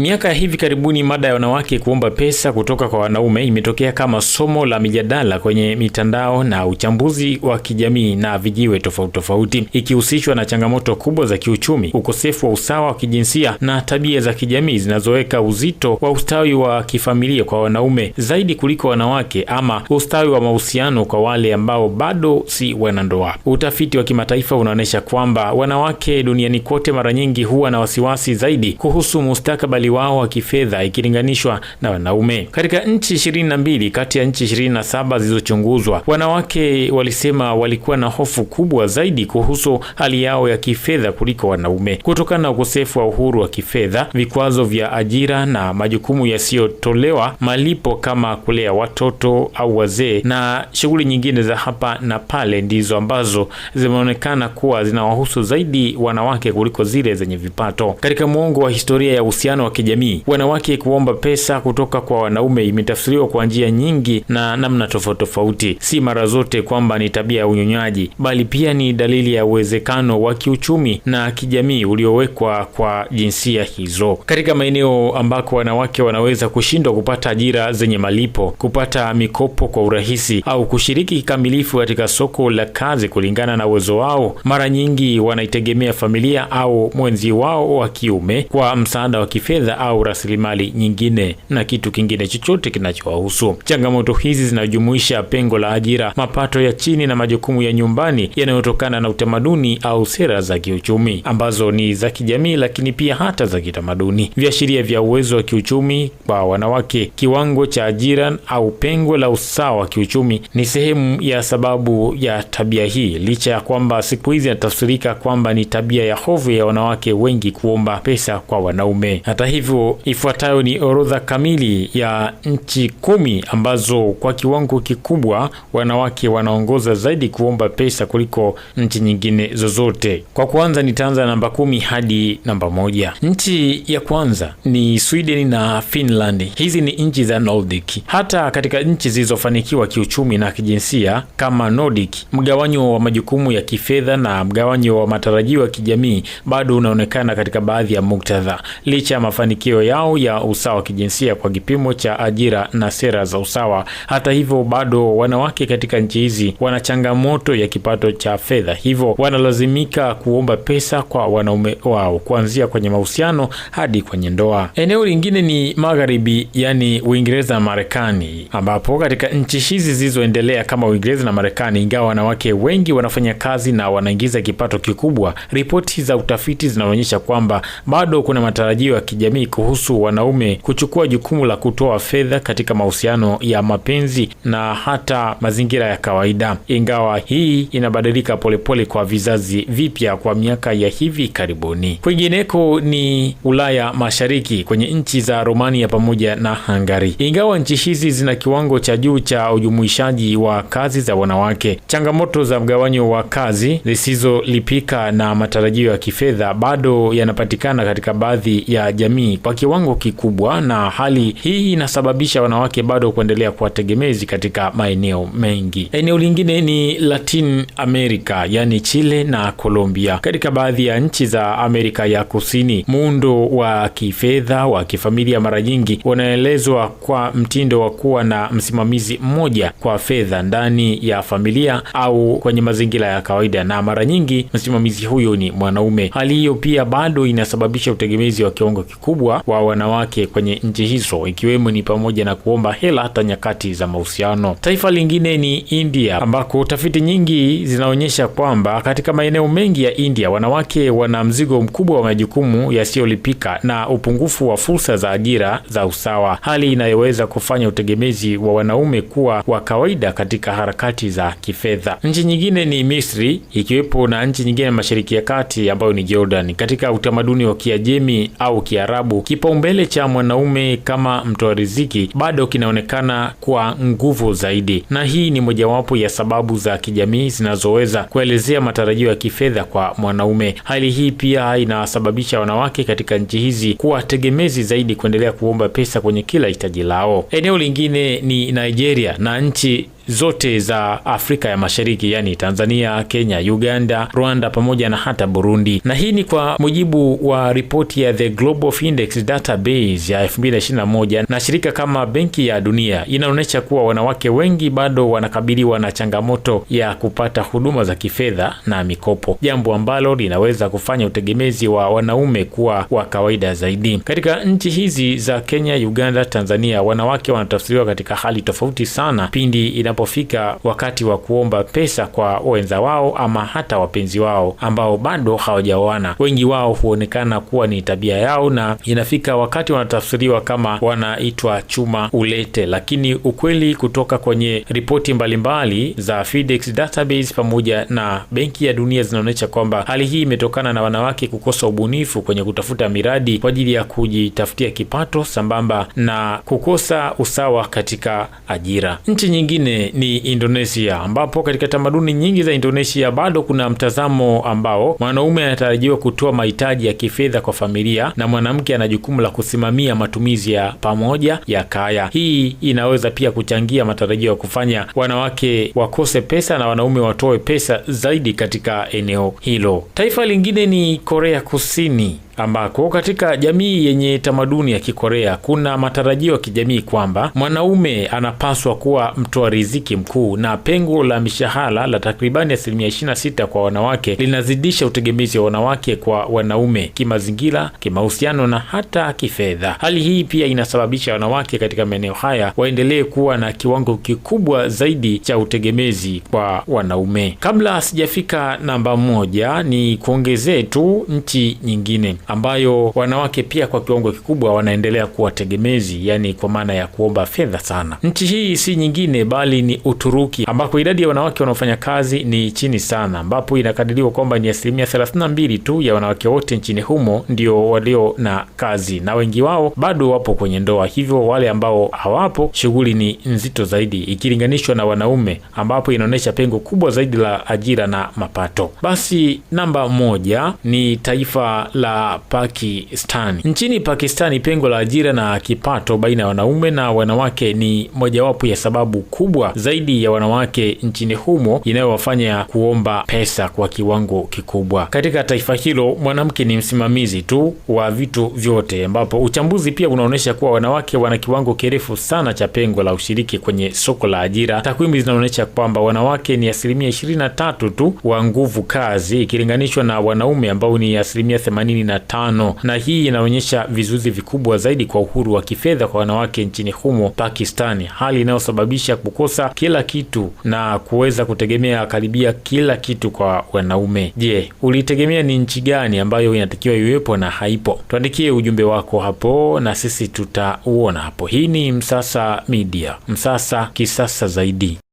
Miaka ya hivi karibuni, mada ya wanawake kuomba pesa kutoka kwa wanaume imetokea kama somo la mijadala kwenye mitandao na uchambuzi wa kijamii na vijiwe tofauti tofauti, ikihusishwa na changamoto kubwa za kiuchumi, ukosefu wa usawa wa kijinsia na tabia za kijamii zinazoweka uzito wa ustawi wa kifamilia kwa wanaume zaidi kuliko wanawake, ama ustawi wa mahusiano kwa wale ambao bado si wanandoa. Utafiti wa kimataifa unaonyesha kwamba wanawake duniani kote mara nyingi huwa na wasiwasi zaidi kuhusu mustakabali ustawi wao wa kifedha ikilinganishwa na wanaume. Katika nchi 22 kati ya nchi 27 zilizochunguzwa, wanawake walisema walikuwa na hofu kubwa zaidi kuhusu hali yao ya kifedha kuliko wanaume kutokana na ukosefu wa uhuru wa kifedha, vikwazo vya ajira na majukumu yasiyotolewa malipo kama kulea watoto au wazee na shughuli nyingine za hapa na pale ndizo ambazo zimeonekana kuwa zinawahusu zaidi wanawake kuliko zile zenye vipato. Katika muongo wa historia ya uhusiano wa kijamii. Wanawake kuomba pesa kutoka kwa wanaume imetafsiriwa kwa njia nyingi na namna tofauti tofauti. Si mara zote kwamba ni tabia ya unyonyaji, bali pia ni dalili ya uwezekano wa kiuchumi na kijamii uliowekwa kwa jinsia hizo. Katika maeneo ambako wanawake wanaweza kushindwa kupata ajira zenye malipo, kupata mikopo kwa urahisi au kushiriki kikamilifu katika soko la kazi kulingana na uwezo wao, mara nyingi wanaitegemea familia au mwenzi wao wa kiume kwa msaada wa kifedha fedha au rasilimali nyingine na kitu kingine chochote kinachowahusu. Changamoto hizi zinajumuisha pengo la ajira, mapato ya chini na majukumu ya nyumbani yanayotokana na utamaduni au sera za kiuchumi ambazo ni za kijamii, lakini pia hata za kitamaduni. Viashiria vya uwezo wa kiuchumi kwa wanawake, kiwango cha ajira au pengo la usawa wa kiuchumi ni sehemu ya sababu ya tabia hii, licha ya kwamba siku hizi inatafsirika kwamba ni tabia ya hovu ya wanawake wengi kuomba pesa kwa wanaume. Hata hivyo, ifuatayo ni orodha kamili ya nchi kumi ambazo kwa kiwango kikubwa wanawake wanaongoza zaidi kuomba pesa kuliko nchi nyingine zozote. Kwa kwanza, nitaanza namba kumi hadi namba moja. Nchi ya kwanza ni Sweden na Finland. Hizi ni nchi za Nordic. Hata katika nchi zilizofanikiwa kiuchumi na kijinsia kama Nordic, mgawanyo wa majukumu ya kifedha na mgawanyo wa matarajio ya kijamii bado unaonekana katika baadhi ya muktadha licha ya mafanikio yao ya usawa wa kijinsia kwa kipimo cha ajira na sera za usawa. Hata hivyo, bado wanawake katika nchi hizi wana changamoto ya kipato cha fedha, hivyo wanalazimika kuomba pesa kwa wanaume wao, kuanzia kwenye mahusiano hadi kwenye ndoa. Eneo lingine ni magharibi, yani Uingereza na Marekani, ambapo katika nchi hizi zilizoendelea kama Uingereza na Marekani, ingawa wanawake wengi wanafanya kazi na wanaingiza kipato kikubwa, ripoti za utafiti zinaonyesha kwamba bado kuna matarajio ya jamii kuhusu wanaume kuchukua jukumu la kutoa fedha katika mahusiano ya mapenzi na hata mazingira ya kawaida, ingawa hii inabadilika polepole kwa vizazi vipya kwa miaka ya hivi karibuni. Kwingineko ni Ulaya Mashariki, kwenye nchi za Romania pamoja na Hungary. Ingawa nchi hizi zina kiwango cha juu cha ujumuishaji wa kazi za wanawake, changamoto za mgawanyo wa kazi zisizolipika na matarajio ya kifedha bado yanapatikana katika baadhi ya jamii jamii kwa kiwango kikubwa, na hali hii inasababisha wanawake bado kuendelea kuwa tegemezi katika maeneo mengi. Eneo lingine ni Latin America, yani Chile na Colombia. Katika baadhi ya nchi za Amerika ya Kusini, muundo wa kifedha wa kifamilia mara nyingi unaelezwa kwa mtindo wa kuwa na msimamizi mmoja kwa fedha ndani ya familia au kwenye mazingira ya kawaida, na mara nyingi msimamizi huyo ni mwanaume. Hali hiyo pia bado inasababisha utegemezi wa kiwango kikubwa mkubwa wa wanawake kwenye nchi hizo, ikiwemo ni pamoja na kuomba hela hata nyakati za mahusiano. Taifa lingine ni India, ambako tafiti nyingi zinaonyesha kwamba katika maeneo mengi ya India wanawake wana mzigo mkubwa wa majukumu yasiyolipika na upungufu wa fursa za ajira za usawa, hali inayoweza kufanya utegemezi wa wanaume kuwa wa kawaida katika harakati za kifedha. Nchi nyingine ni Misri, ikiwepo na nchi nyingine ya Mashariki ya Kati ambayo ni Jordan. Katika utamaduni wa Kiajemi au Kiarabu Kiarabu, kipaumbele cha mwanaume kama mtoa riziki bado kinaonekana kwa nguvu zaidi, na hii ni mojawapo ya sababu za kijamii zinazoweza kuelezea matarajio ya kifedha kwa mwanaume. Hali hii pia inasababisha wanawake katika nchi hizi kuwa tegemezi zaidi, kuendelea kuomba pesa kwenye kila hitaji lao. Eneo lingine ni Nigeria na nchi zote za Afrika ya Mashariki, yani Tanzania, Kenya, Uganda, Rwanda pamoja na hata Burundi. Na hii ni kwa mujibu wa ripoti ya The Global Findex Database ya 2021 na shirika kama Benki ya Dunia inaonyesha kuwa wanawake wengi bado wanakabiliwa na changamoto ya kupata huduma za kifedha na mikopo, jambo ambalo linaweza kufanya utegemezi wa wanaume kuwa wa kawaida zaidi. Katika nchi hizi za Kenya, Uganda, Tanzania, wanawake wanatafsiriwa katika hali tofauti sana pindi inapo inapofika wakati wa kuomba pesa kwa wenza wao ama hata wapenzi wao ambao bado hawajaoana. Wengi wao huonekana kuwa ni tabia yao, na inafika wakati wanatafsiriwa kama wanaitwa chuma ulete, lakini ukweli kutoka kwenye ripoti mbalimbali za FIDEX database pamoja na Benki ya Dunia zinaonyesha kwamba hali hii imetokana na wanawake kukosa ubunifu kwenye kutafuta miradi kwa ajili ya kujitafutia kipato sambamba na kukosa usawa katika ajira. Nchi nyingine ni Indonesia, ambapo katika tamaduni nyingi za Indonesia bado kuna mtazamo ambao mwanaume anatarajiwa kutoa mahitaji ya kifedha kwa familia na mwanamke ana jukumu la kusimamia matumizi ya pamoja ya kaya. Hii inaweza pia kuchangia matarajio ya kufanya wanawake wakose pesa na wanaume watoe pesa zaidi katika eneo hilo. Taifa lingine ni Korea Kusini ambako katika jamii yenye tamaduni ya Kikorea kuna matarajio ya kijamii kwamba mwanaume anapaswa kuwa mtoa riziki mkuu, na pengo la mishahara la takribani asilimia 26 kwa wanawake linazidisha utegemezi wa wanawake kwa wanaume kimazingira, kimahusiano na hata kifedha. Hali hii pia inasababisha wanawake katika maeneo haya waendelee kuwa na kiwango kikubwa zaidi cha utegemezi kwa wanaume. Kabla sijafika namba moja, ni kuongezee tu nchi nyingine ambayo wanawake pia kwa kiwango kikubwa wanaendelea kuwa tegemezi, yani kwa maana ya kuomba fedha sana. Nchi hii si nyingine bali ni Uturuki, ambako idadi ya wanawake wanaofanya kazi ni chini sana, ambapo inakadiriwa kwamba ni asilimia 32 tu ya wanawake wote nchini humo ndio walio na kazi, na wengi wao bado wapo kwenye ndoa. Hivyo wale ambao hawapo, shughuli ni nzito zaidi ikilinganishwa na wanaume, ambapo inaonyesha pengo kubwa zaidi la ajira na mapato. Basi namba moja ni taifa la Pakistani. Nchini Pakistani, pengo la ajira na kipato baina ya wanaume na wanawake ni mojawapo ya sababu kubwa zaidi ya wanawake nchini humo inayowafanya kuomba pesa kwa kiwango kikubwa. Katika taifa hilo, mwanamke ni msimamizi tu wa vitu vyote, ambapo uchambuzi pia unaonyesha kuwa wanawake wana kiwango kirefu sana cha pengo la ushiriki kwenye soko la ajira. Takwimu zinaonyesha kwamba wanawake ni asilimia ishirini na tatu tu wa nguvu kazi ikilinganishwa na wanaume ambao ni asilimia themanini na tano, na hii inaonyesha vizuizi vikubwa zaidi kwa uhuru wa kifedha kwa wanawake nchini humo Pakistani, hali inayosababisha kukosa kila kitu na kuweza kutegemea karibia kila kitu kwa wanaume. Je, ulitegemea ni nchi gani ambayo inatakiwa iwepo na haipo? Tuandikie ujumbe wako hapo na sisi tutauona hapo. Hii ni Msasa Media, Msasa kisasa zaidi.